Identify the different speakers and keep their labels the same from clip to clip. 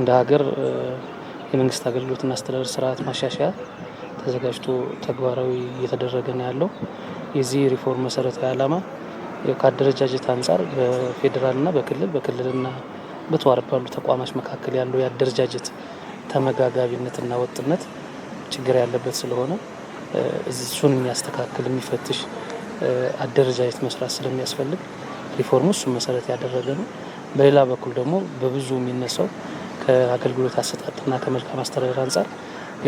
Speaker 1: እንደ ሀገር የመንግስት አገልግሎትና አስተዳደር ስርዓት ማሻሻያ ተዘጋጅቶ ተግባራዊ እየተደረገ ነው ያለው። የዚህ ሪፎርም መሰረታዊ ዓላማ ከአደረጃጀት አንጻር በፌዴራልና በክልል በክልልና በተዋረድ ባሉ ተቋማች መካከል ያለው የአደረጃጀት ተመጋጋቢነትና ወጥነት ችግር ያለበት ስለሆነ እሱን የሚያስተካክል የሚፈትሽ አደረጃጀት መስራት ስለሚያስፈልግ ሪፎርሙ እሱን መሰረት ያደረገ ነው። በሌላ በኩል ደግሞ በብዙ የሚነሳው ከአገልግሎት አሰጣጥና ከመልካም አስተዳደር አንጻር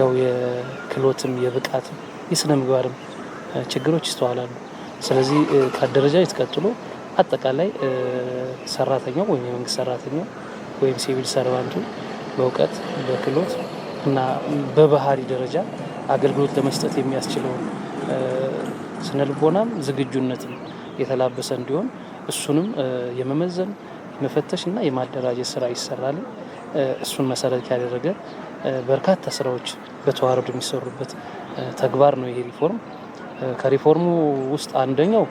Speaker 1: ያው የክህሎትም የብቃትም የስነ ምግባርም ችግሮች ይስተዋላሉ። ስለዚህ ከአደረጃጀት ቀጥሎ አጠቃላይ ሰራተኛው ወይም የመንግስት ሰራተኛው ወይም ሲቪል ሰርቫንቱ በእውቀት በክህሎት እና በባህሪ ደረጃ አገልግሎት ለመስጠት የሚያስችለውን ስነልቦናም ዝግጁነትም የተላበሰ እንዲሆን እሱንም የመመዘን የመፈተሽ እና የማደራጀት ስራ ይሰራል። እሱን መሰረት ያደረገ በርካታ ስራዎች በተዋረድ የሚሰሩበት ተግባር ነው ይሄ ሪፎርም። ከሪፎርሙ ውስጥ አንደኛው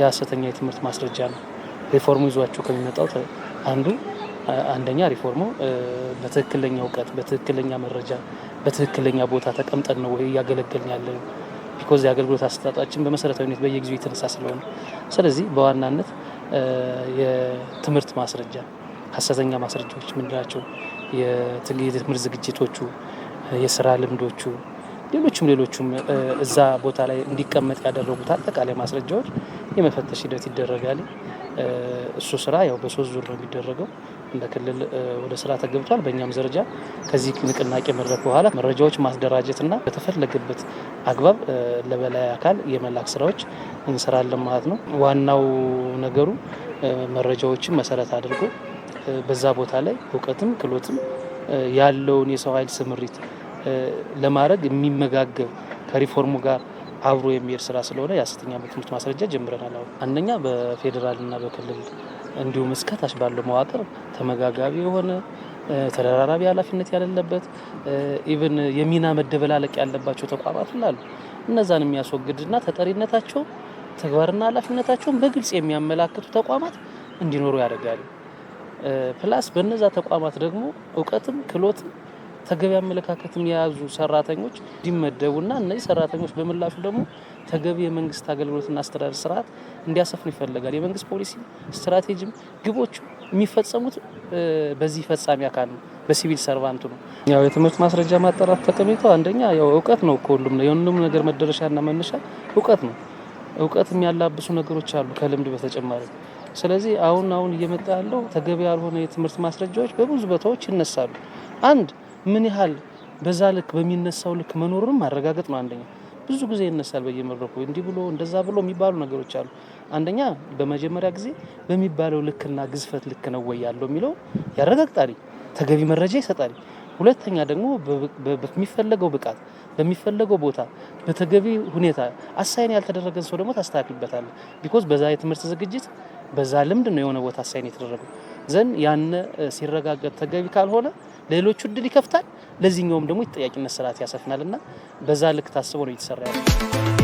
Speaker 1: የሀሰተኛ የትምህርት ማስረጃ ነው። ሪፎርሙ ይዟቸው ከሚመጣው አንዱ አንደኛ ሪፎርሙ በትክክለኛ እውቀት፣ በትክክለኛ መረጃ፣ በትክክለኛ ቦታ ተቀምጠን ነው ወይ እያገለገልን ያለ ቢኮዝ የአገልግሎት አሰጣጣችን በመሰረታዊነት በየጊዜው የተነሳ ስለሆነ ስለዚህ በዋናነት የትምህርት ማስረጃ ነው። ሀሰተኛ ማስረጃዎች የምንላቸው የትምህርት ዝግጅቶቹ፣ የስራ ልምዶቹ፣ ሌሎችም ሌሎችም እዛ ቦታ ላይ እንዲቀመጥ ያደረጉት አጠቃላይ ማስረጃዎች የመፈተሽ ሂደት ይደረጋል። እሱ ስራ ያው በሶስት ዙር ነው የሚደረገው። እንደ ክልል ወደ ስራ ተገብቷል። በእኛም ደረጃ ከዚህ ንቅናቄ መድረክ በኋላ መረጃዎች ማስደራጀትና በተፈለገበት አግባብ ለበላይ አካል የመላክ ስራዎች እንሰራለን ማለት ነው። ዋናው ነገሩ መረጃዎችን መሰረት አድርጎ በዛ ቦታ ላይ እውቀትም ክሎትም ያለውን የሰው ኃይል ስምሪት ለማድረግ የሚመጋገብ ከሪፎርሙ ጋር አብሮ የሚሄድ ስራ ስለሆነ የአስተኛ ዓመት ትምህርት ማስረጃ ጀምረናል። አሁን አንደኛ በፌዴራልና በክልል እንዲሁም እስከ ታች ባለው መዋቅር ተመጋጋቢ የሆነ ተደራራቢ ኃላፊነት ያለለበት ኢቨን የሚና መደበላለቅ ያለባቸው ተቋማት ላሉ እነዛን የሚያስወግድና ተጠሪነታቸው ተግባርና ኃላፊነታቸውን በግልጽ የሚያመላክቱ ተቋማት እንዲኖሩ ያደርጋል። ፕላስ በነዛ ተቋማት ደግሞ እውቀትም ክሎትም ተገቢ አመለካከትም የያዙ ሰራተኞች እንዲመደቡና እነዚህ ሰራተኞች በምላሹ ደግሞ ተገቢ የመንግስት አገልግሎትና አስተዳደር ስርዓት እንዲያሰፍኑ ይፈለጋል። የመንግስት ፖሊሲ ስትራቴጂም ግቦቹ የሚፈጸሙት በዚህ ፈጻሚ አካል ነው፣ በሲቪል ሰርቫንቱ ነው። ያው የትምህርት ማስረጃ ማጣራት ጠቀሜታው አንደኛ ያው እውቀት ነው። ከሁሉም የሁሉም ነገር መደረሻና መነሻ እውቀት ነው። እውቀት የሚያላብሱ ነገሮች አሉ ከልምድ በተጨማሪ። ስለዚህ አሁን አሁን እየመጣ ያለው ተገቢ ያልሆነ የትምህርት ማስረጃዎች በብዙ ቦታዎች ይነሳሉ። አንድ ምን ያህል በዛ ልክ በሚነሳው ልክ መኖሩንም ማረጋገጥ ነው። አንደኛ ብዙ ጊዜ ይነሳል በየመድረኩ እንዲህ ብሎ እንደዛ ብሎ የሚባሉ ነገሮች አሉ። አንደኛ በመጀመሪያ ጊዜ በሚባለው ልክና ግዝፈት ልክ ነው ወይ ያለው የሚለው ያረጋግጣል፣ ተገቢ መረጃ ይሰጣል። ሁለተኛ ደግሞ በሚፈለገው ብቃት በሚፈለገው ቦታ በተገቢ ሁኔታ አሳይን ያልተደረገን ሰው ደግሞ ታስተካክልበታለህ። ቢኮዝ በዛ የትምህርት ዝግጅት በዛ ልምድ ነው የሆነ ቦታ አሳይን የተደረገው ዘን ያነ ሲረጋገጥ ተገቢ ካልሆነ ሌሎቹ እድል ይከፍታል፣ ለዚህኛውም ደግሞ የተጠያቂነት ስርዓት ያሰፍናል እና በዛ ልክ ታስቦ ነው እየተሰራ ያለ